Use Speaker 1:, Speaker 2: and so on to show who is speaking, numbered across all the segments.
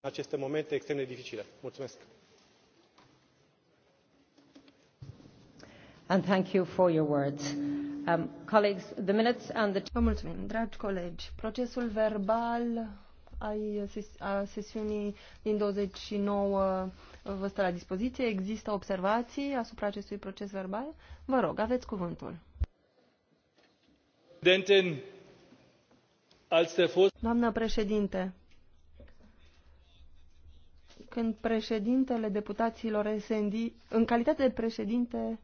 Speaker 1: aceste momente extrem de dificile. mulțumesc. And thank you for your words. Um, colleagues, the minutes and the... Vă mulțumim, dragi colegi. Procesul verbal ai a sesiunii din 29 uh, vă stă la dispoziție. Există observații asupra acestui proces verbal? Vă rog, aveți cuvântul. Doamnă președinte, când președintele deputaților SND, în calitate de președinte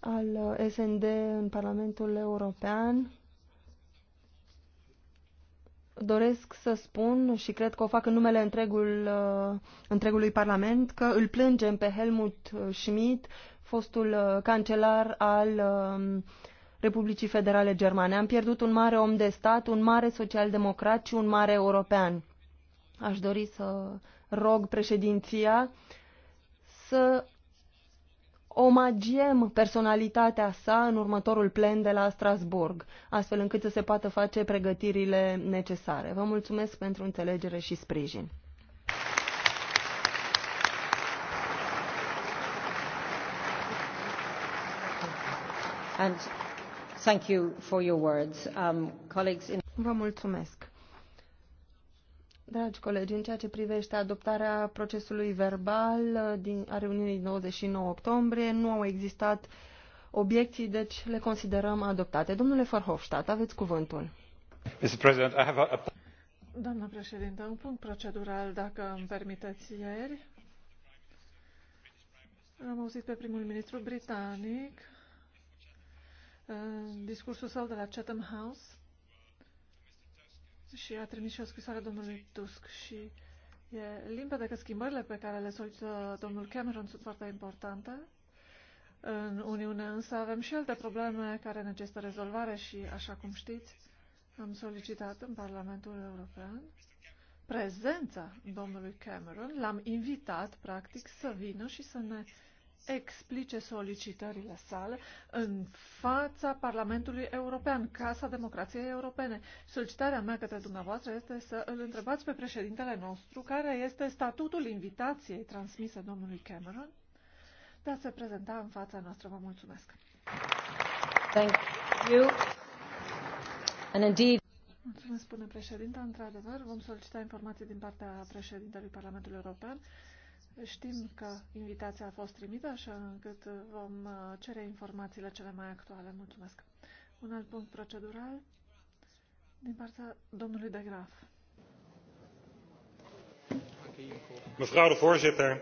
Speaker 1: al SND în Parlamentul European, doresc să spun și cred că o fac în numele întregul, uh, întregului Parlament că îl plângem pe Helmut Schmidt, fostul uh, cancelar al um, Republicii Federale Germane. Am pierdut un mare om de stat, un mare social-democrat și un mare european. Aș dori să rog președinția să omagiem personalitatea sa în următorul plen de la Strasburg, astfel încât să se poată face pregătirile necesare. Vă mulțumesc pentru înțelegere și sprijin. And thank you for your words. Um, colleagues in... Vă mulțumesc. Dragi colegi, în ceea ce privește adoptarea procesului verbal uh, din, a reuniunii 29 octombrie, nu au existat obiecții, deci le considerăm adoptate. Domnule Farhofstadt, aveți cuvântul.
Speaker 2: Mr. President, I have a...
Speaker 3: Doamna președintă, un punct procedural, dacă îmi permiteți, ieri. Am auzit pe primul ministru britanic în discursul său de la Chatham House și a trimis și o scrisoare domnului Tusk și e limpede că schimbările pe care le solicită domnul Cameron sunt foarte importante. În Uniune însă avem și alte probleme care necesită rezolvare și, așa cum știți, am solicitat în Parlamentul European prezența domnului Cameron, l-am invitat, practic, să vină și să ne explice solicitările sale în fața Parlamentului European, Casa Democrației Europene. Solicitarea mea către dumneavoastră este să îl întrebați pe președintele nostru care este statutul invitației transmise domnului Cameron de a se prezenta în fața noastră. Vă mulțumesc! Thank you. And indeed... Mulțumesc, spune președinta. Într-adevăr, vom solicita informații din partea președintelui Parlamentului European Știm că invitația a fost trimisă, așa încât vom uh, cere informațiile cele mai actuale. Mulțumesc. Un alt punct procedural din partea domnului de Graf.
Speaker 1: Mevrouw de voorzitter,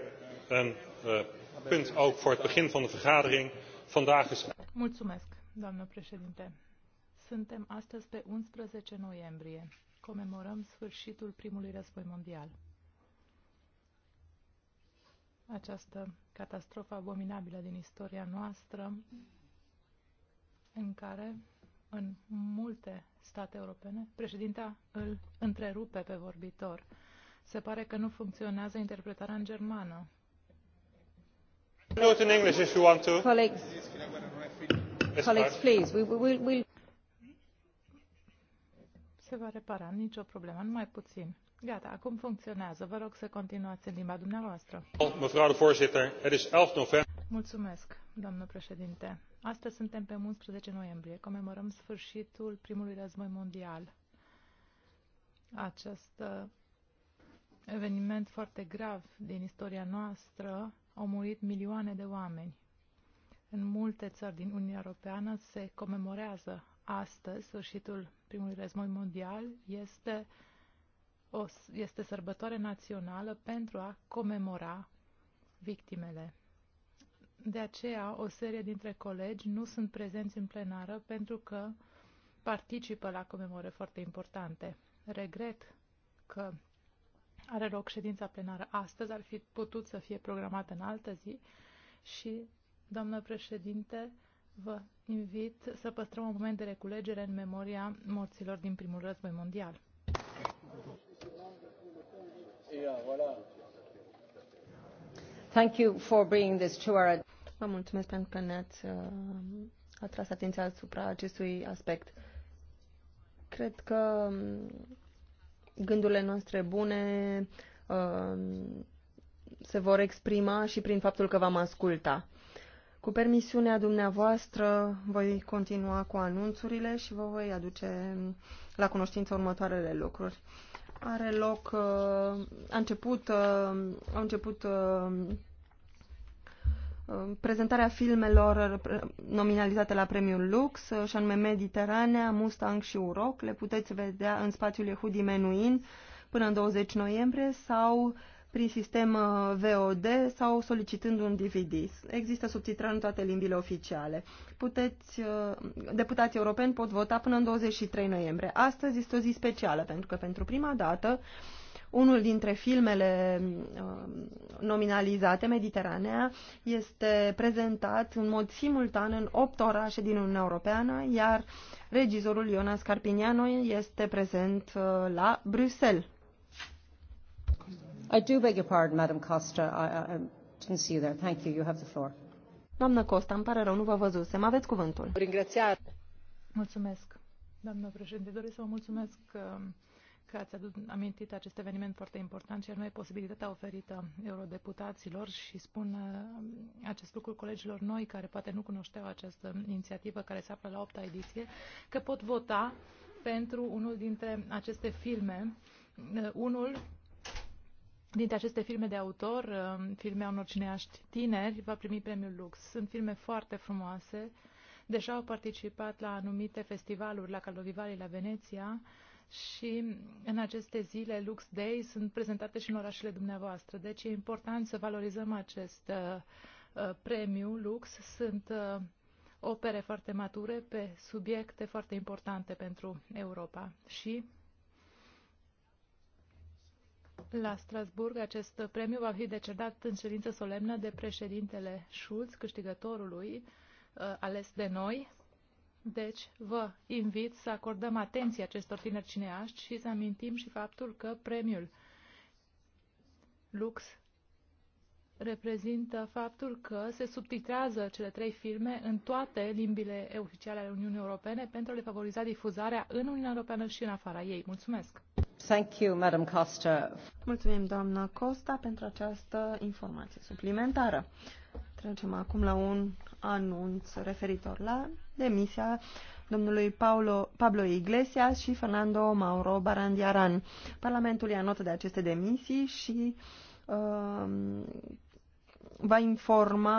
Speaker 1: een uh, punt ook voor het begin van de vergadering. Vandaag is...
Speaker 2: Mulțumesc, doamnă președinte. Suntem astăzi pe 11 noiembrie. Comemorăm sfârșitul primului război mondial această catastrofă abominabilă din istoria noastră, în care în multe state europene președinta îl întrerupe pe vorbitor. Se pare că nu funcționează interpretarea în germană. Note in please,
Speaker 3: we will we'll
Speaker 2: se va repara, nicio problemă, numai puțin. Gata, acum funcționează. Vă rog să continuați în limba dumneavoastră. Mulțumesc, doamnă președinte. Astăzi suntem pe 11 noiembrie, comemorăm sfârșitul primului război mondial. Acest uh, eveniment foarte grav din istoria noastră au murit milioane de oameni. În multe țări din Uniunea Europeană se comemorează astăzi, sfârșitul primului război mondial, este, o, este sărbătoare națională pentru a comemora victimele. De aceea, o serie dintre colegi nu sunt prezenți în plenară pentru că participă la comemore foarte importante. Regret că are loc ședința plenară astăzi, ar fi putut să fie programată în altă zi și, doamnă președinte, vă invit să păstrăm un moment de reculegere în memoria morților din primul război mondial. Thank you for bringing this to our...
Speaker 1: Vă mulțumesc pentru că ne-ați uh, atras atenția asupra acestui aspect. Cred că um, gândurile noastre bune uh, se vor exprima și prin faptul că v-am ascultat cu permisiunea dumneavoastră, voi continua cu anunțurile și vă voi aduce la cunoștință următoarele lucruri. Are loc, uh, a început, uh, a început uh, prezentarea filmelor nominalizate la premiul Lux, și anume Mediteranea, Mustang și Uroc. Le puteți vedea în spațiul Yehudi Menuhin până în 20 noiembrie sau prin sistem uh, VOD sau solicitând un DVD. Există subtitrare în toate limbile oficiale. Puteți, uh, deputații europeni pot vota până în 23 noiembrie. Astăzi este o zi specială pentru că pentru prima dată unul dintre filmele uh, nominalizate, Mediteranea, este prezentat în mod simultan în 8 orașe din Uniunea Europeană, iar regizorul Ionas Carpiniano este prezent la Bruxelles. I do beg your pardon, Madam Costa. I, I didn't see you there. Thank you. You have the floor. Doamnă Costa, îmi pare rău, nu vă văzusem. Aveți cuvântul.
Speaker 2: Mulțumesc, doamnă președinte. Doresc să vă mulțumesc um, că ați adus, amintit acest eveniment foarte important și anume posibilitatea oferită eurodeputaților și spun um, acest lucru colegilor noi care poate nu cunoșteau această inițiativă care se află la opta ediție, că pot vota pentru unul dintre aceste filme, uh, unul dintre aceste filme de autor, um, filme a unor cineaști tineri, va primi premiul Lux. Sunt filme foarte frumoase, deja au participat la anumite festivaluri, la Caldovivali, la Veneția și în aceste zile Lux Day sunt prezentate și în orașele dumneavoastră. Deci e important să valorizăm acest uh, uh premiu Lux. Sunt uh, opere foarte mature pe subiecte foarte importante pentru Europa și la Strasburg, acest premiu va fi decedat în ședință solemnă de președintele Schulz, câștigătorului uh, ales de noi. Deci, vă invit să acordăm atenție acestor tineri cineaști și să amintim și faptul că premiul Lux reprezintă faptul că se subtitrează cele trei filme în toate limbile oficiale ale Uniunii Europene pentru a le favoriza difuzarea în Uniunea Europeană și în afara ei. Mulțumesc!
Speaker 1: Mulțumim, doamna Costa, pentru această informație suplimentară. Trecem acum la un anunț referitor la demisia domnului Paulo, Pablo Iglesias și Fernando Mauro Barandiaran. Parlamentul ia notă de aceste demisii și uh, va informa